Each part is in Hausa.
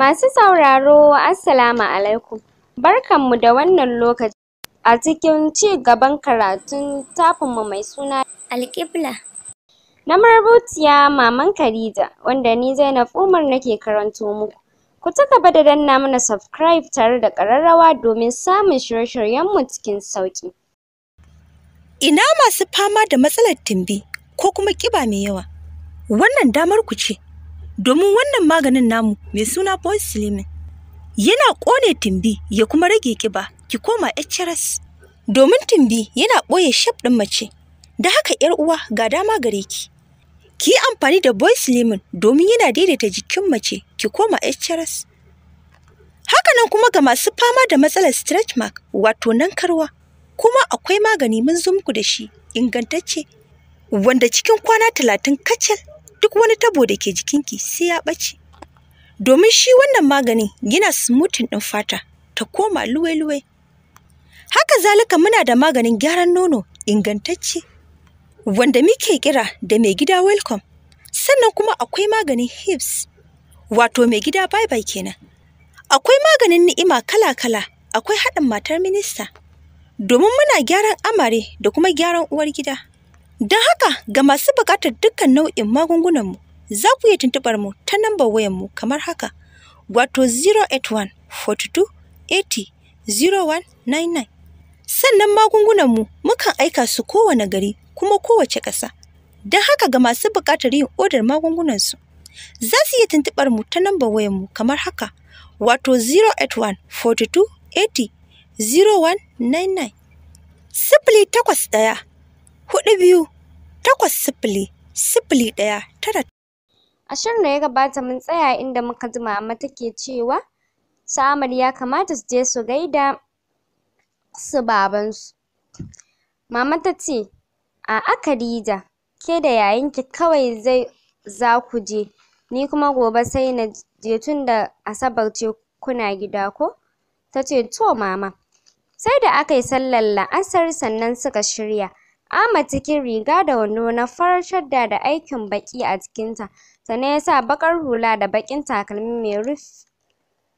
Masu sauraro Assalamu alaikum barkanmu da wannan lokaci a cikin ci gaban karatun tafinmu mai suna Alƙibla na marubuciya Maman Khadija wanda ni Zainab Umar nake karanto muku. Ku ci gaba da danna mana subscribe tare da ƙararrawa domin samun shirye-shiryenmu cikin sauƙi. Ina masu fama da matsalar timbi ko kuma ƙiba mai yawa, wannan damar ku ce. domin wannan maganin namu mai suna Boyce yana ƙone Timbi ya kuma rage ƙiba ki koma HRS domin Timbi yana ɓoye shaf ɗin mace da haka ‘yar uwa ga dama gare ki ki amfani da Boyce domin yana daidaita jikin mace ki koma HRS hakanan kuma ga masu fama da matsalar stretch mark wato nan karwa, kuma akwai magani mun zumku muku da shi ingantacce wanda cikin kwana talatin kacal duk wani tabo da ke jikinki sai ya ɓace. Domin shi wannan maganin yana smoothing ɗin fata ta koma luwe-luwe. Haka zalika muna da maganin gyaran nono ingantacce wanda muke kira da mai gida welcome. Sannan kuma akwai maganin hips wato mai gida bye-bye kenan. Akwai maganin ni'ima kala-kala akwai haɗin matar minista domin muna gyaran amare da kuma gyaran uwar gida. Don haka ga masu buƙatar dukkan nau'in magungunanmu za ku iya tuntuɓar mu ta nambar wayanmu kamar haka wato 081 42 80 0199. Sannan magungunanmu mukan aika su kowane gari kuma kowace ƙasa. Don haka ga masu buƙatar yin odar magungunansu za su iya tuntuɓar mu ta nambar wayanmu kamar haka wato 081 42 80 0199. Sifili takwas ɗaya hudu biyu takwas sifili sifili ɗaya tara. A shirin da ya gabata mun tsaya inda muka ji mama take cewa su ya kamata su je su gaida su babansu. Mama ta ce, a'a Khadija, ke da yayinki kawai zai za ku je, ni kuma gobe sai na je tun da Asabar ce kuna gida ko? Ta ce, to mama. Sai da aka yi sallar la'asar sannan suka shirya. Ahmad cikin riga da wando na farar shadda da aikin baƙi a jikinta, sannan ya sa baƙar hula da baƙin takalmi mai rufi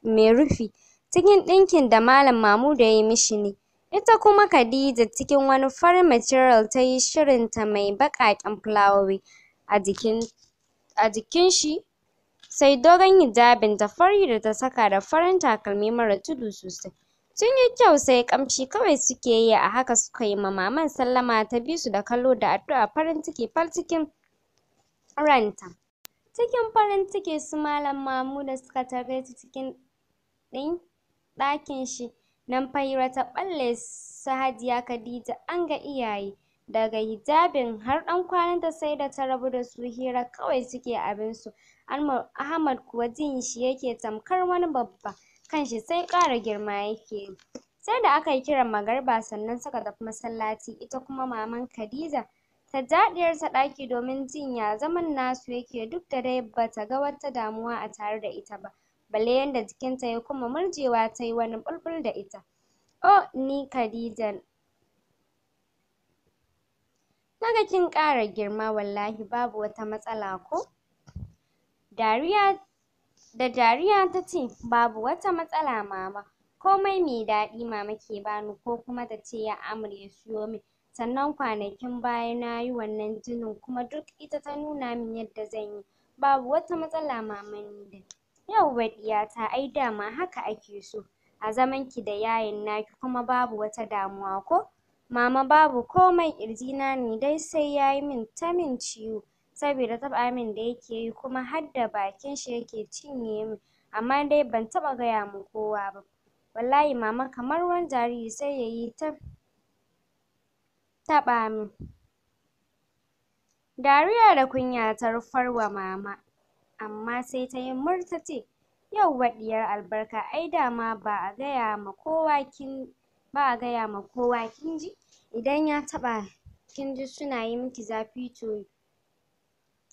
mai rufi cikin ɗinkin da Malam Mahmud ya yi mishi ne. Ita kuma Khadija cikin wani farin material ta yi shirinta mai baƙaƙen fulawowi a jikin a jikin shi sai dogon hijabinta fari da ta saka da farin takalmi mara tudu sosai. Sun yi kyau sai kamshi kawai suke yi a haka suka yi ma maman sallama ta bi su da kallo da addu'a farin ciki far cikin ranta. Cikin farin ciki su Malam da suka tare su cikin ɗin ɗakin shi. Nan Fahira ta ɓalle su Hajiya Khadija an ga iyaye. Daga hijabin har ɗan ta sai da ta rabu da su hira kawai suke abin su Ahmad kuwa jin shi yake tamkar wani babba. kanshi sai ƙara girma yake yi sai da aka yi kiran magariba sannan suka tafi masallaci ita kuma maman Khadija ta ja ɗiyarta ɗaki domin jin ya zaman nasu yake duk da dai bata ga wata damuwa a tare da ita ba balle yanda jikinta ya kuma murjewa tayi wani ɓulɓul da ita oh ni Khadija naga kin ƙara girma wallahi babu wata matsala ko dariya Da dariya ta ce, babu wata matsala mama, komai mai daɗi mama ke bani ko kuma ta ce ya amurye ya siyo min. Sannan kwanakin baya na yi wannan jinin kuma duk ita ta nuna min yadda zan yi. Babu wata matsala mama ni da Yauwa diyata ai dama haka ake so, a zaman ki da yayin naki kuma babu wata damuwa ko? Mama babu komai ƙirjina ne dai sai ya yi min ta min ciwo. saboda taɓa min da yake yi kuma har da bakin shi yake cinye min amma dai ban taɓa gaya ma kowa ba wallahi mama kamar wani jariri sai yayi ta taɓa min dariya da kunya ta rufar wa mama amma sai ta yi mur ta ce yauwa ɗiyar albarka ai ma ba a gaya ma kowa kin ba a gaya ma kowa kin ji idan ya taɓa kin ji suna yi miki zafi to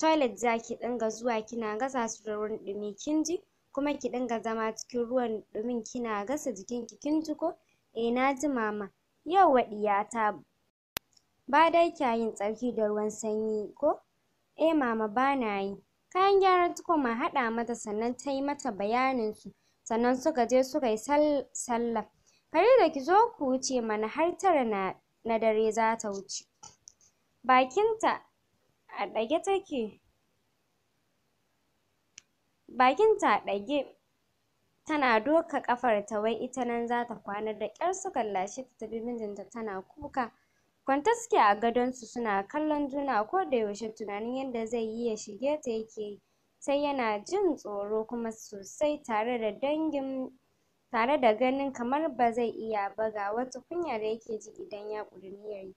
toilet za ki dinga zuwa kina gasa su da ruwan dumi kin ji kuma ki dinga zama cikin ruwan dumin kina gasa jikinki kin ji ko eh na ji, mama yauwa ta. ba dai kya yin tsarki da ruwan sanyi ko eh mama bana yi kayan gyaran tukun ma haɗa mata sannan ta yi mata bayanin su sannan suka je suka yi sallah Farida ki zo ku wuce mana har tara na dare za ta wuce bakinta a ɗage take bakinta a ɗage tana doka ƙafar ta, wai ita nan zata ta kwana da ƙyar suka lashe ta tabi mijinta tana kuka kwanta suke a gadonsu suna kallon juna ko da yaushe tunanin yadda zai yi ya shige ta yake yi sai yana jin tsoro kuma sosai tare da dangin tare da ganin kamar ba zai iya ba ga wata kunya da yake ji idan ya ƙudiri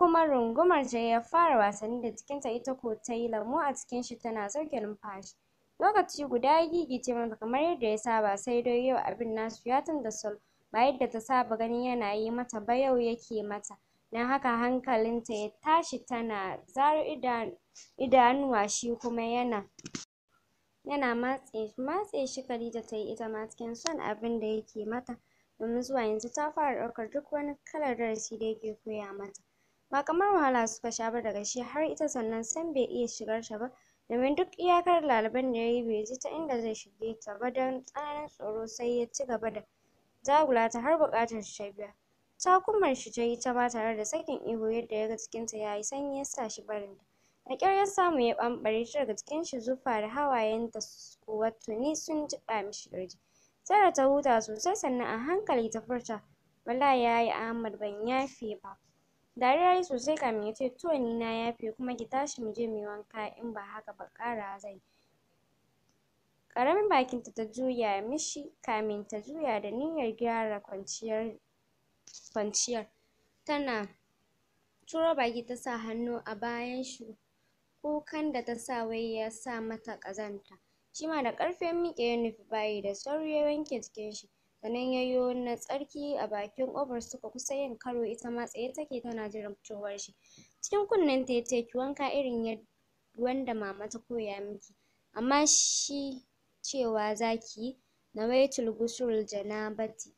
kuma rungumar Jay ya fara wasanni da jikinta ita ko ta yi lamo a cikin shi tana sauke numfashi. Lokaci guda ya gigice mata kamar yadda ya saba sai dai yau abin nasu ya canza salo ba yadda ta saba ganin yana yi mata ba yau yake mata. Don haka ta ya tashi tana zaro idanuwa shi kuma yana yana matse matse shi Khadija ta yi ita ma cikin son abin da yake mata domin zuwa yanzu ta fara ɗaukar duk wani kalar darasi da yake koya mata. ba kamar wahala suka sha ba daga shi har ita sannan san bai iya shigar ta ba domin duk iyakar laliban da yayi bai ji ta inda zai shige ta ba don tsananin tsoro sai ya ci gaba da zagula ta har buƙatar shi ta biya takumar shi ta yi ta ba tare da sakin ihu yadda ya ga cikinta ya yi sanyi ya sa shi barin ta da ƙyar ya samu ya ɓamɓare shi daga cikin shi zufa da hawayen su kuwa tuni sun jiƙa mishi ƙirji Sarah ta huta sosai sannan a hankali ta furta wallahi yayi Ahmad ban yafe ba Dariya yayi sosai kamin ya ce to ni na yafe kuma ki tashi mu je mu yi wanka in ba haka ba ƙara zan yi. Ƙaramin bakinta ta juya mishi kamin ta juya da niyyar gyara kwanciyar kwanciyar. Tana turo baki ta sa hannu a bayan shi kukan da ta sa wai ya sa mata ƙazanta. shima da ƙarfin ya ya nufi bayi da sauri ya wanke jikin shi. sannan ya yo na tsarki a bakin ƙofar suka kusa yin karo ita ma tsaye take tana jiran fitowar shi cikin kunnen ta yace ki wanka irin yadda wanda mama ta koya miki amma shi cewa zaki nawaitul ghusl janabati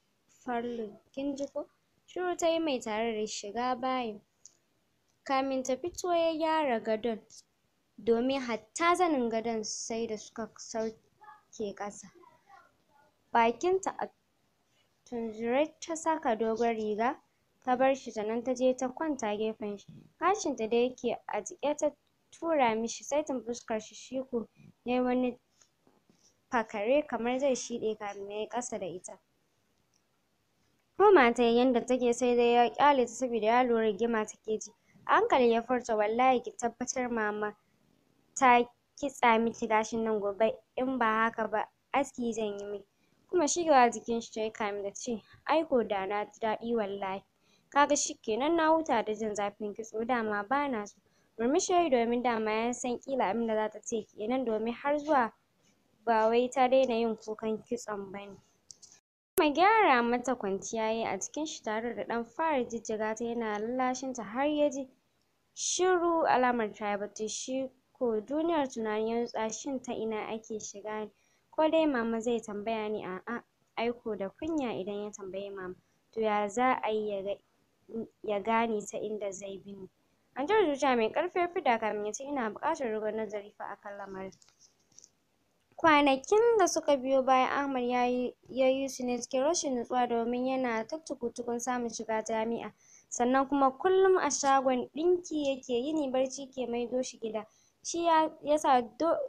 farlu kin ji ko shiru tayi mai tare da shiga bayin kamin ta fito ya gyara gadon domin hatta zanin gadon sai da suka sauke ƙasa bakinta a Tunzure ta saka dogon riga ta barshi shi sannan ta je ta kwanta gefen shi. ta da yake a jiƙe ta tura mishi saitin fuskar shi shi ko ya wani fakare kamar zai shiɗe kafin yayi kasa ƙasa da ita. Koma ta yanda take sai dai ya ƙyale ta saboda ya lura rigima take ji. A hankali ya furta wallahi ki tabbatar mama ta kitsa miki gashin nan gobe in ba haka ba aski zan yi miki. kuma shigewa jikin shi tayi kamin da ce ai ko da na ji daɗi wallahi kaga shikenan na huta da jin zafin kitso dama bana so murmushi yayi domin dama ya san ƙila abinda zata ce kenan domin har zuwa ba wai ta daina yin kukan kitson ba ne. kuma gyara mata kwanciya yayi a jikin shi tare da ɗan fara jijjiga ta yana lallashin ta har ya ji shiru alamar tayi bacci shi ko duniyar tunani ya nutsa shin ta ina ake shiga ne ko dai mama zai tambaya ni a'a aiko da kunya idan ya tambayi mama to ya za yi ya gane ta inda zai bi ni an ji zuciya mai ƙarfi ya fidda kamin ya ce ina buƙatar dogon nazari fa akan lamarin kwanakin da suka biyo bayan Ahmad ya ya yi su ne cikin rashin nutsuwa domin yana ta tukutukun samun shiga jami'a sannan kuma kullum a shagon ɗinki yake yini barci ke maido shi gida shi ya sa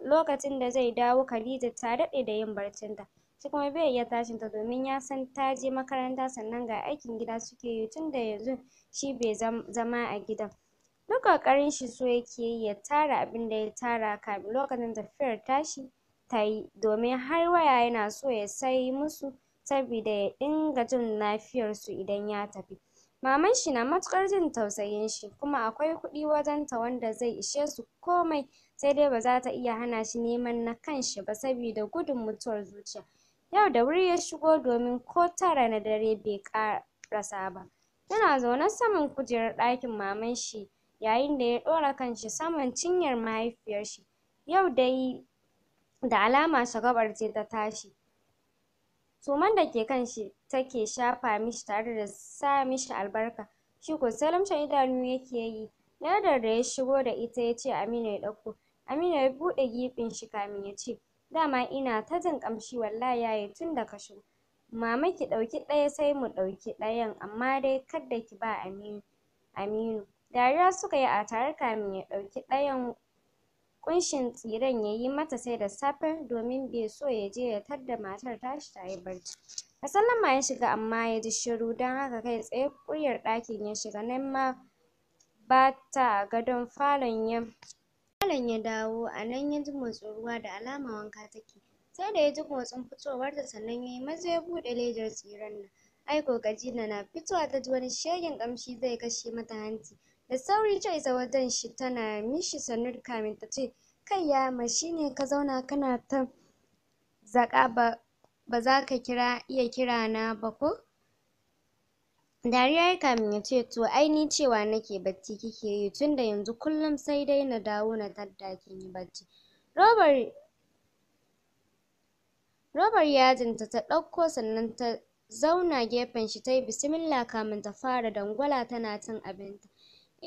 lokacin da zai dawo Khadija ta daɗe da yin barcinta shi kuma bai iya tashin ta domin ya san ta je makaranta sannan ga aikin gida suke yi tunda yanzu shi bai zama a gidan duk ƙoƙarin shi so yake yi ya tara abin da ya tara kafin lokacin tafiyar tashi ta yi domin har waya yana so ya sai musu sabida ya dinga jin lafiyar su idan ya tafi Maman shi na matuƙar jin tausayin shi kuma akwai kuɗi wajen ta wanda zai ishe su komai sai dai ba za ta iya hana shi neman na kanshi ba sabida gudun mutuwar zuciya. Yau da wuri ya shigo domin ko tara na dare bai ƙarasa ba. Yana zaune saman kujerar ɗakin maman shi yayin da ya ɗora kanshi saman cinyar mahaifiyar shi. Yau dai da alama shagabar ce ta tashi. suman da ke kan shi take shafa mishi tare da sa mishi albarka shi ko salamshe idanu yake yi ledar da ya shigo da ita ya ce Aminu ya ɗauko Aminu ya buɗe gefen shi kamin ya ce dama ina ta jin ƙamshi wallahi yaye tun da ka shigo mama ki ɗauki ɗaya sai mu ɗauki ɗayan amma dai kada ki ba Aminu Aminu dariya suka yi a tare kamin ya ɗauki ɗayan ƙunshin tsiren ya yi mata sai da safe domin bai so ya je ya tadda matar tashi ta yi barci. Da ya shiga amma ya ji shiru don haka kai tsaye ƙuryar ɗakin ya shiga nan ma ba ta gadon falon ya falon ya dawo a nan ya ji motsin ruwa da alama wanka take. Sai da ya ji motsin fitowarta sannan ya yi maza ya buɗe ledar tsiren nan. Ai ko na fitowa ta ji wani shegen ƙamshi zai kashe mata hanci. Da sauri ta isa wajen shi tana mishi sannu kamin ta ce, Kai ya ma shine ka zauna kana ta zaƙa ba, ba za ka kira iya kira na ba ko? Dariya ya kamin ya ce, To ai ni cewa nake bacci kike yi tunda yanzu kullum sai dai na dawo na tadda kin yi bacci. Robert Robar yajinta ta ɗauko sannan ta zauna gefen shi ta yi bisimilla kamin ta fara dangwala tana cin abinta.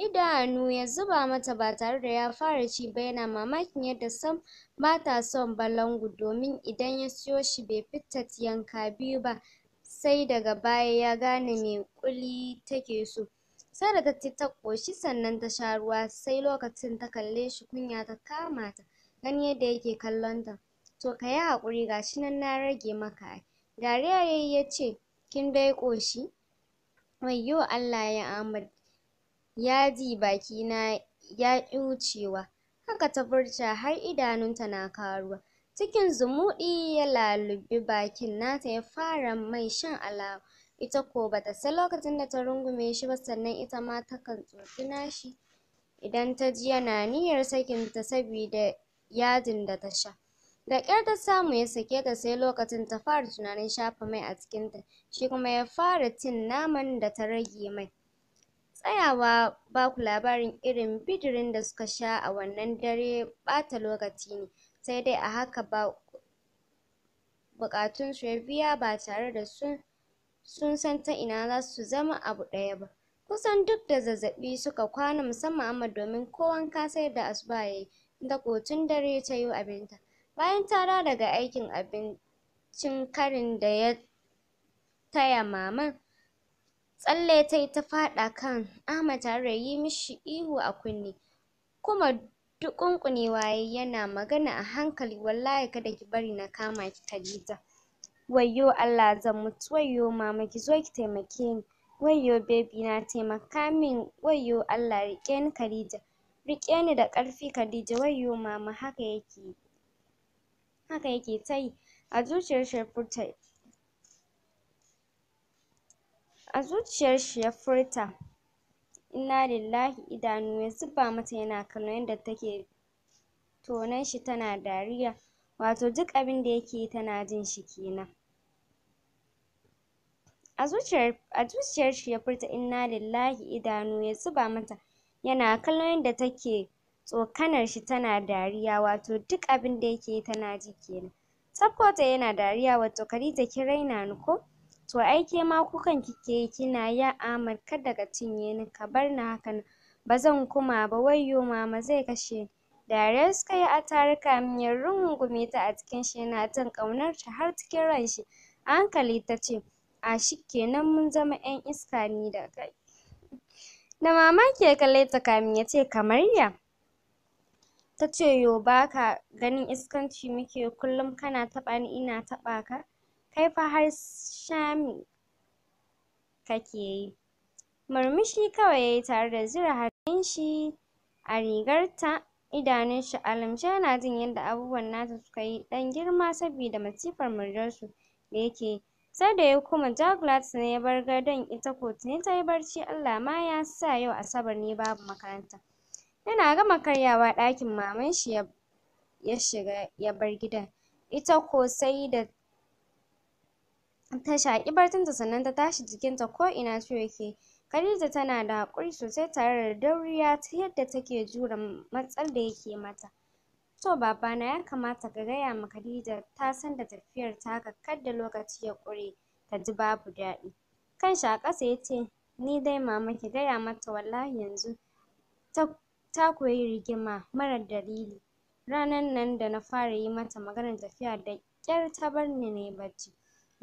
idanu ya zuba mata ba tare da ya fara ci ba yana mamakin yadda sam ba ta son balangu domin idan ya siyo shi bai fita yanka biyu ba sai daga baya ya gane me ƙuli take so sai ta ci ta ƙoshi sannan ta sha ruwa sai lokacin ta kalle shi kunya ta kama ta gani yadda yake kallon ta to ka yi haƙuri ga shi nan na rage maka ai dariya ya ce kin dai ƙoshi wayyo Allah ya Ahmad yaji bakina ƙi wucewa haka ta furta har idanunta na karuwa cikin zumuɗi ya lalubi bakin nata ya fara mai shan alawa ita ko bata san lokacin da ta rungume shi ba sannan ita ma takan tsoki nashi idan ta ji yana niyyar sakin ta sabida yajin da ta sha da ƙyar ta samu ya sake ta sai lokacin ta fara tunanin shafa mai a cikinta, shi kuma ya fara cin naman da ta rage mai Tsayawa baku labarin irin bidirin da suka sha a wannan dare ɓata lokaci ne, sai dai a haka ba su ya biya ba tare da sun san ta ina za su zama abu ɗaya ba. Kusan duk da zazzaɓi suka kwana musamman amma domin ko wanka sai da asuba ya yi, inda ko tun dare ta yo abinta. Bayan ta daga aikin abincin karin da ya taya maman tsalle yi ta faɗa kan Ahmad tare ya yi mishi ihu a kunne kuma duƙunƙunewa waye yana magana a hankali wallahi kada ki bari na kama ki Khadija wayyo Allah zan mutu wayyo mama ki zo ki taimake ni wayyo baby na taimaka min wayyo Allah Rike ni Khadija Rike ni da ƙarfi Khadija wayyo mama haka yake haka yake tai a zuciyar shi furta a zuciyar shi ya furta inna lillahi idanu ya zuba mata yana kallon yadda take tonan shi tana dariya wato duk abin da yake yi tana jin shi kenan a zuciyar a zuciyar shi ya furta inna lillahi idanu ya zuba mata yana kallon yadda take tsokanar shi tana dariya wato duk abin da yake yi tana ji kenan sabko yana dariya wato Khadija kin raina ni ko to ai ma kukan kike yi kina ya Ahmad kada daga cinye ni ka bar ni haka nan zan kuma ba wayyo mama zai kashe ni dariya suka yi a min kamin ya rungume ta a cikin shi yana jin ƙaunar ta har cikin shi a hankali ce a shikenan mun zama ƴan iska ni da kai da mamaki ya kalle ta kamin ce kamar ya ta tace yo ka ganin iskanci muke kullum kana taɓa ni ina taɓa ka kai fa har shami kake yi murmushi kawai yayi tare da zira, hannun shi a rigarta idanun shi a lumshe yana jin yadda abubuwan nata suka yi ɗan girma sabida masifar muryar su da yake yi sai da ya koma ja glass ne ya bar gadon ita ko tuni tayi barci Allah ma ya sa yau asabar ne babu makaranta yana gama karyawa ɗakin maman shi ya ya shiga ya bar gidan ita ko sai da ta shaƙi barcinta sannan ta tashi jikinta ko'ina ciwo yake Khadija tana da haƙuri sosai tare da dauriya ta yadda take jure matsal da yake mata. To babana ya kamata ka gaya ma Khadija ta san da tafiyar kar da lokaci ya ƙure ta ji babu daɗi. Kanshi a ƙasa ya ce ni dai mama ki gaya mata wallahi yanzu ta ta koyi rigima marar dalili. Ranar nan da na fara yi mata maganar tafiya da ƙyar ta bar ni na yi bacci.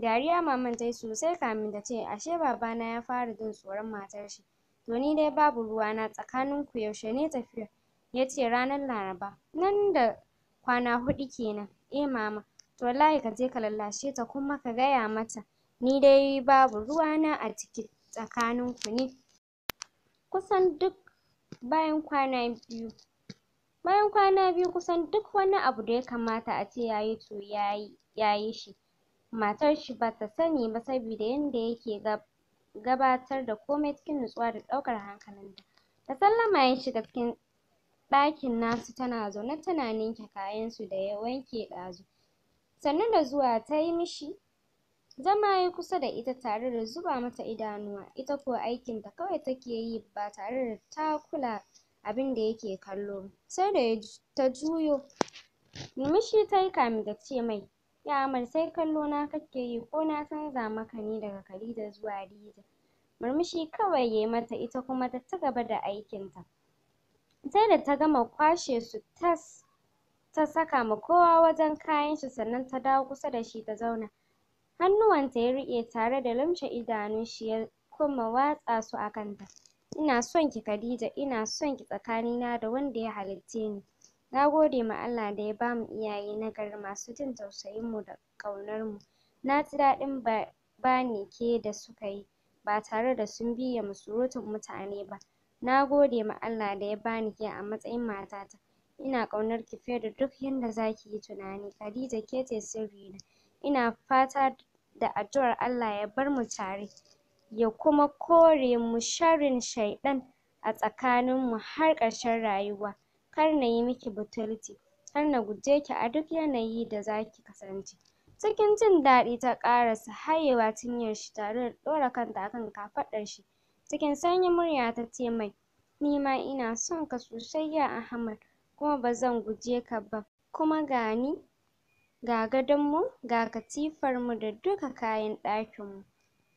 Dariya maman tayi sosai kamin ta ce ashe babana ya fara jin tsoron matar shi. To ni dai babu ruwa ruwana tsakaninku yaushe ne tafiyar? Ya ce ranar Laraba. Nan da kwana huɗu kenan. Eh mama, to wallahi ka je ka lallashe ta kuma ka gaya mata ni dai babu ruwana a ciki tsakaninku ne. Kusan duk bayan kwana biyu bayan kwana biyu kusan duk wani abu da ya kamata a ce ya to yayi yayi shi. matar shi ba ta sani ba saboda yanda yake gabatar da komai cikin nutsuwa da ɗaukar hankalinta da sallama ya shiga cikin ɗakin nasu tana zaune tana ninke kayan su da ya wanke ɗazu sannu da zuwa ta yi mishi zama ya yi kusa da ita tare da zuba mata idanuwa ita kuwa aikin ta kawai take yi ba tare da ta kula abinda yake kallo ba sai da ta juyo murmushi yi kamin ta ce mai Ya Ahmad kallo na kake yi ko na canza maka ni daga Khadija zuwa Hadiza? Murmushi kawai ya yi mata ita kuma ta ci gaba da aikinta. Sai da ta gama kwashe su tas ta saka ma kowa wajen kayan shi sannan ta dawo kusa da shi ta zauna. Hannuwanta ya riƙe tare da lumshe idanun shi ya kuma watsa su a kanta. Ina son ki Khadija, ina son ki tsakanina da wanda ya halicce ni. Na gode ma Allah da ya bamu iyaye na gari masu jin tausayin mu da ƙaunar mu. Na ji daɗin bani ke da suka yi ba tare da sun biye mu surutun mutane ba. Na gode ma Allah da ya bani ke a matsayin matata. Ina ƙaunar ki fiye da duk yanda za ki yi tunani. Khadija ke ce sirrina. Ina fata da addu'ar Allah ya bar mu tare ya kuma kore mu sharrin shaiɗan a tsakanin mu har ƙarshen rayuwa. kar na yi miki butulci har na guje ki a duk yanayi da zaki kasance cikin jin daɗi ta ƙarasa hayewa cinyar shi tare da ɗora kanta akan kafaɗar shi cikin sanyin murya ta ce mai nima ina son ka sosai ya Ahmad kuma ba guje ka ba kuma ga ni ga gadonmu ga katifarmu da duka kayan ɗakin mu.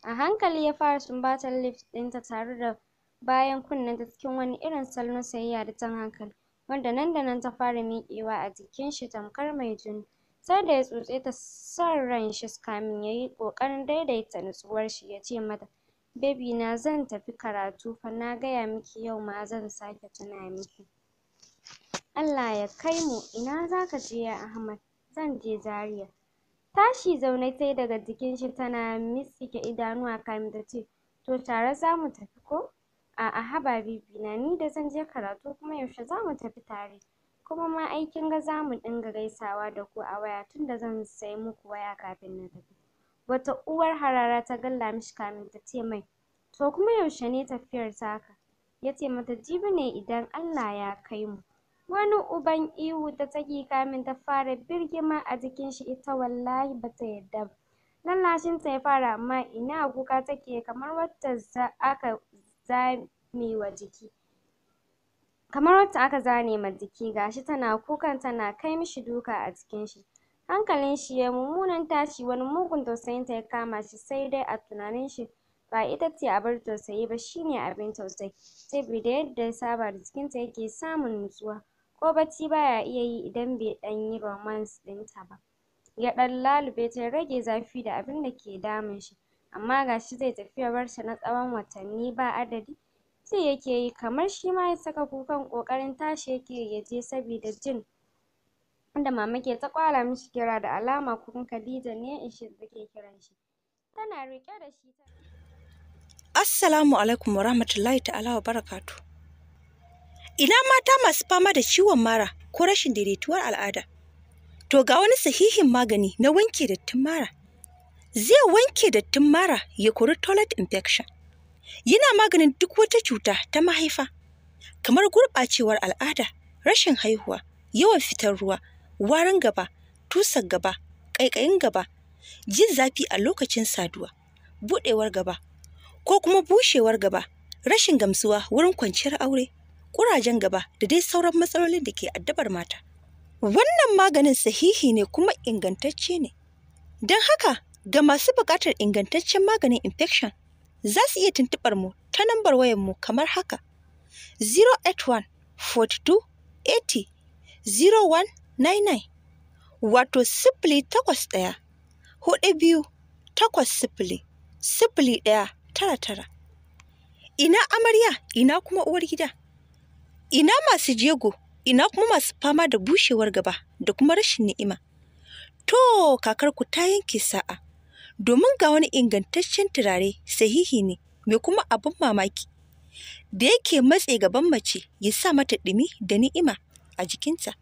a hankali ya fara sumbatar lift ɗinta tare da bayan kunnen, ta cikin wani irin salon soyayya da jan hankali wanda nan da nan ta fara miƙewa a jikin shi tamkar mai jini sai da ya tsotse ta son ran shi kamin yayi ƙoƙarin daidaita nutsuwar shi ya ce mata baby na zan tafi karatu fa na gaya miki yau ma zan sake tuna miki Allah ya kai mu ina zaka je ya Ahmad zan je Zaria tashi zaune tayi daga jikin shi tana mitsike idanuwa kamin ce, to tare zamu tafi ko A'a haba bibina ni da zan je karatu kuma yaushe zamu tafi tare? Kuma ma aikin kin ga za mu dinga gaisawa da ku a waya tunda zan sai muku waya kafin na tafi. Wata uwar harara ta galla mishi kamin ta ce mai to kuma yaushe ne tafiyar taka? Ya ce mata jibi ne idan Allah ya kai mu. Wani uban ihu ta saki kamin ta fara birgima a jikin shi ita wallahi ba ta yarda ba. Lallashinta ya fara amma ina kuka take kamar wacce aka zamewa jiki kamar wacce aka zane ma jiki gashi tana kukan tana kai mishi duka a jikin shi hankalin shi yayi mummunan tashi wani mugun tausayin ta ya kama shi sai dai a tunanin shi ba ita ce abar tausayi ba shine abin tausayi sabida yadda ya saba da jikin ta yake samun nutsuwa ko bacci baya iya yi idan bai ɗan yi romance ɗin ta ba ya ɗan lalube ta ya rage zafi da da ke damun shi amma ga shi zai tafi ya barshi na tsawon watanni ba adadi sai yake yi kamar shi ma ya saka kukan ƙoƙarin tashi yake ya je sabida jin inda mama ke ta ƙwala mishi kira da alama kukan Khadija ne Ishaq take kiran shi tana riƙe da shi Assalamu alaikum wa rahmatullahi ta'ala wa barakatu. Ina mata masu fama da ciwon mara ko rashin daidaituwar al'ada. To ga wani sahihin magani na wanke dattin mara zai wanke dattin mara ya kori toilet infection yana maganin duk wata cuta ta mahaifa kamar gurɓacewar al'ada rashin haihuwa yawan fitar ruwa warin gaba tusar gaba ƙaiƙayin gaba jin zafi a lokacin saduwa buɗewar gaba ko kuma bushewar gaba rashin gamsuwa wurin kwanciyar aure ƙurajen gaba da dai sauran matsalolin da ke addabar mata wannan maganin sahihi ne kuma ingantacce ne don haka Ga masu buƙatar ingantaccen maganin infection, za su iya tuntuɓar mu ta nambar wayar mu kamar haka: 081-42-80-0199 wato sifili takwas ɗaya, huɗu biyu, takwas sifili, sifili ɗaya tara tara. Ina amarya, ina kuma uwar gida. Ina masu jego, ina kuma masu fama da bushewar gaba da kuma rashin ni'ima. To, kakarku ta yanke sa'a. domin ga wani ingantaccen turare sahihi ne mai kuma abin mamaki da yake matse gaban mace ya sa mata ɗumi da ni'ima a jikinta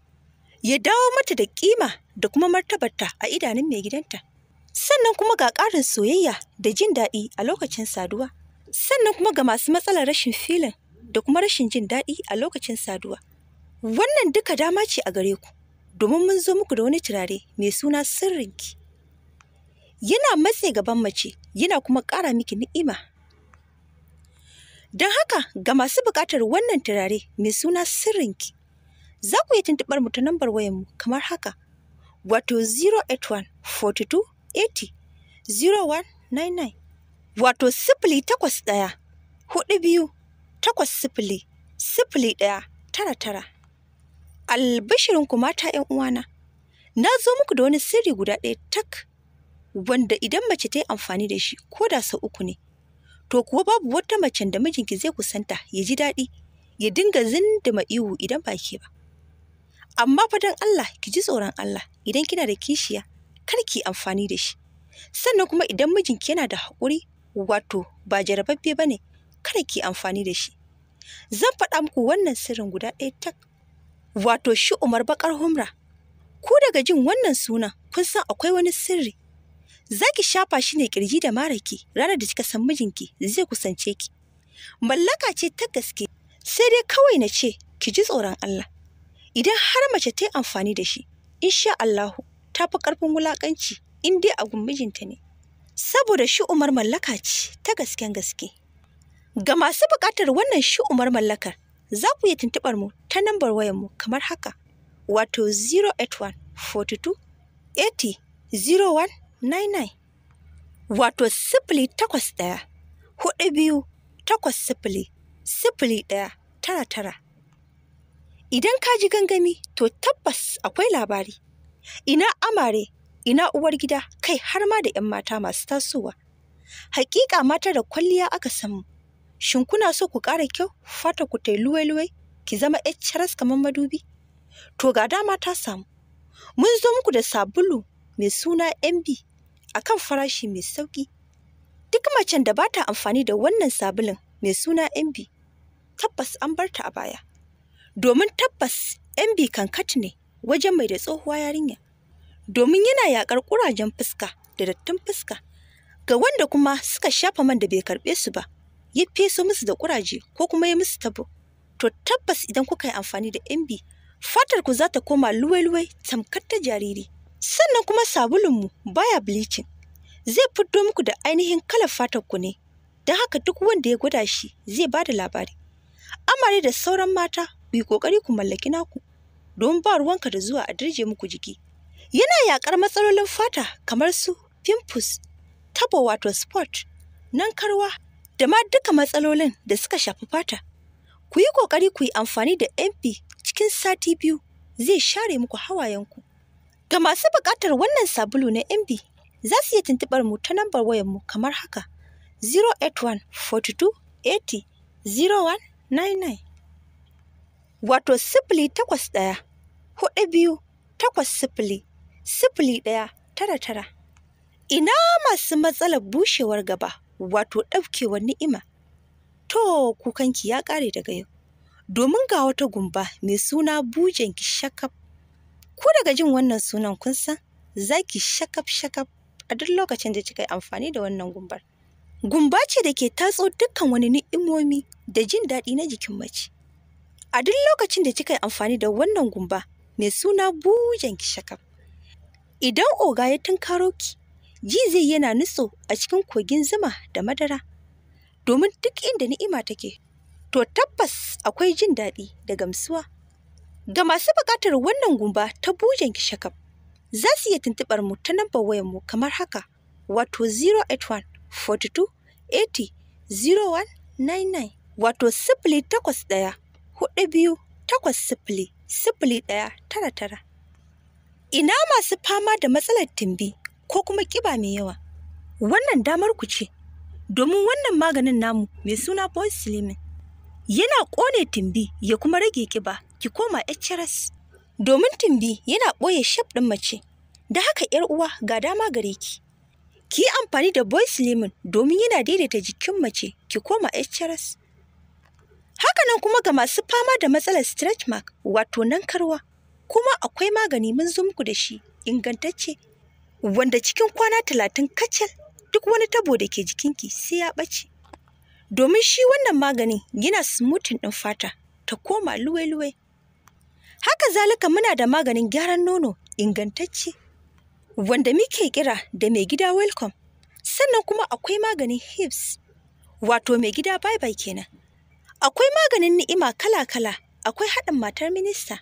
ya dawo mata da ƙima da kuma martabarta a idanun mai gidanta sannan kuma ga ƙarin soyayya da jin daɗi a lokacin saduwa sannan kuma ga masu matsalar rashin filin da kuma rashin jin daɗi a lokacin saduwa wannan duka dama ce a gare ku domin mun zo muku da wani turare mai suna sirrinki yana matse gaban mace yana kuma ƙara miki ni'ima don haka ga masu buƙatar wannan turare mai suna sirrinki za ku yi tuntuɓar mu ta nambar wayanmu kamar haka wato 081 wato sifili takwas ɗaya hudu biyu takwas sifili sifili ɗaya tara tara albishirinku mata 'yan uwana na zo muku da wani sirri guda ɗaya tak wanda idan mace ta yi amfani da shi ko da sau uku ne to kuwa babu wata macen da mijinki zai kusanta ya ji daɗi ya dinga zindima ihu idan ba ke ba amma fa Allah ki ji tsoron Allah idan kina da kishiya kar ki amfani da shi sannan kuma idan mijinki yana da haƙuri wato ba jarababbe ba ne kar ki amfani da shi zan faɗa muku wannan sirrin guda ɗaya tak wato shi umar baƙar humra ku daga jin wannan sunan kun san akwai wani sirri za ki shafa shi ne kirji da maraki ranar da kika san mijinki zai kusance ki. Mallaka ce ta gaske, sai dai kawai na ce ki ji tsoron Allah. Idan har mace ta yi amfani da shi, insha Allahu ta fi ƙarfin wulaƙanci in dai gun mijinta ne. Saboda shi umar mallaka ce ta gasken gaske. Ga masu buƙatar wannan shi umar mallakar, za ku iya tuntuɓar mu ta nambar wayar mu kamar haka, wato 081 42 80 01 99 wato sifili takwas ɗaya hudu biyu takwas sifili sifili ɗaya tara tara idan ka ji gangami to tabbas akwai labari ina amare ina uwar gida kai har ma da 'yan mata masu tasowa hakika mata da kwalliya aka samu shin kuna so ku ƙara kyau fata ku tai luwai-luwai ki zama HRS kamar madubi to ga dama ta samu mun zo muku da sabulu mai suna MB akan farashi mai sauki Duk macen da ba ta amfani da wannan sabulin mai suna MB, tabbas an bar ta a baya. Domin tabbas kan kankat ne wajen mai da tsohuwa yarinya. Domin yana yaƙar ƙurajen fuska da dattin fuska. Ga wanda kuma suka shafa man da bai karɓe su ba, ya feso musu da ƙuraje ko kuma ya musu tabo. To tabbas idan kuka yi amfani da MB, fatar ku za ta koma luwai-luwai tamkar ta jariri. sannan kuma sabulunmu baya bleaching zai fito muku da ainihin kalar fatar ku ne don haka duk wanda ya gwada shi zai ba da labari amare da sauran mata kuyi ƙoƙari kokari ku mallaki naku don ba ruwanka da zuwa a dirje muku jiki yana yakar matsalolin fata kamar su pimples tabo wato spot nan karwa da ma duka matsalolin da suka shafi fata ku yi kokari ku yi amfani da mp cikin sati biyu zai share muku hawayenku Ga masu buƙatar wannan sabulu na MB, za su iya tuntuɓar mu ta nambar wayarmu kamar haka: 081 42 80 0199 wato sifili takwas ɗaya hudu biyu takwas sifili sifili ɗaya tara tara. Ina masu matsalar bushewar gaba wato ɗaukewar ni'ima. To kukanki ya ƙare daga yau, domin ga wata gumba mai suna bujen ki shakaf Ku daga jin wannan sunan kun san za ki shakaf-shakaf a duk lokacin da kika yi amfani da wannan gumbar. Gumba ce da ke tatso dukkan wani ni'imomi da jin daɗi na jikin mace. A duk lokacin da kika yi amfani da wannan gumba mai suna bujan ki shakaf. Idan oga ya tunkaro ki, ji zai yana nutso a cikin kogin zuma da madara. Domin duk inda ni'ima take, to tabbas akwai jin daɗi da gamsuwa Ga masu buƙatar wannan gumba ta bujen gishakaf, za su iya tuntuɓar mu ta nambar wayanmu kamar haka, wato 081 42 80 0199 wato sifili takwas ɗaya hudu biyu takwas sifili ɗaya tara tara. Ina masu fama da matsalar tumbi ko kuma ƙiba mai yawa, wannan damar ku ce, domin wannan maganin namu mai suna Boyz Slimin yana ƙone tumbi ya kuma rage ƙiba ki koma HRS domin tumbi yana ɓoye shaf ɗin mace. Da haka ‘yar uwa ga dama gare ki. Ki yi amfani da boys lemon domin yana daidaita jikin mace ki koma HRS. Hakanan kuma ga masu fama da matsalar stretch mark wato nan karwa kuma akwai magani mun zo muku da shi ingantacce wanda cikin kwana talatin kacal duk wani tabo da ke jikinki sai ya ɓace. Domin shi wannan magani yana smoothing ɗin fata ta koma luwe-luwe. Haka zalika muna da maganin gyaran nono ingantacce wanda muke kira da mai gida welcome. Sannan kuma akwai maganin hips wato mai gida bye bye kenan. Akwai maganin ni'ima kala-kala akwai haɗin matar minista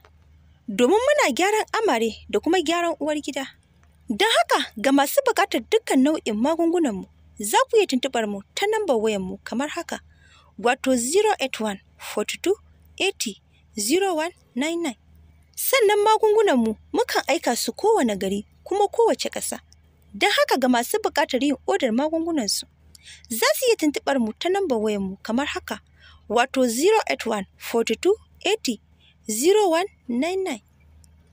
domin muna gyaran amare da kuma gyaran uwar gida. Don haka ga masu buƙatar dukkan nau'in magungunanmu za ku iya tuntuɓar mu ta nambar wayanmu kamar haka wato 081 42 80 0199. Sannan magungunanmu mukan aika su kowane gari kuma kowace ƙasa. Don haka ga masu buƙatar yin odar magungunansu, za su iya tuntuɓar mu ta nambar wayarmu kamar haka, wato 081 42 80 0199.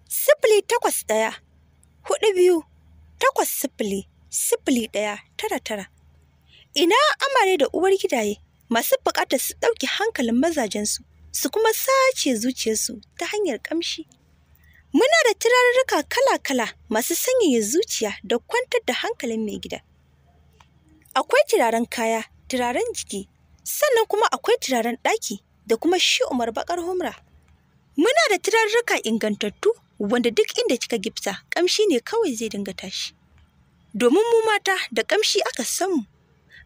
Sifili takwas ɗaya, huɗu biyu, takwas sifili, sifili ɗaya tara tara. Ina amare da uwar gidaye masu buƙatar su ɗauki hankalin mazajensu su kuma sace zuciyarsu ta hanyar ƙamshi. Muna da turarruka kala-kala masu sanyaya zuciya da kwantar da hankalin mai gida. Akwai turaren kaya, turaren jiki, sannan kuma akwai turaren ɗaki da kuma shi umar bakar humra. Muna da turarruka ingantattu wanda duk inda kika gipsa ƙamshi ne kawai zai dinga tashi. Domin mu mata da ƙamshi aka samu,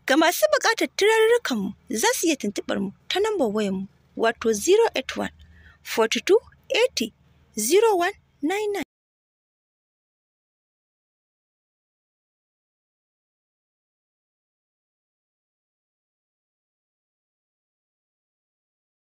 ga masu buƙatar turarrukanmu za su iya tuntuɓar mu ta nambar wayanmu. wato 081 42 80 0199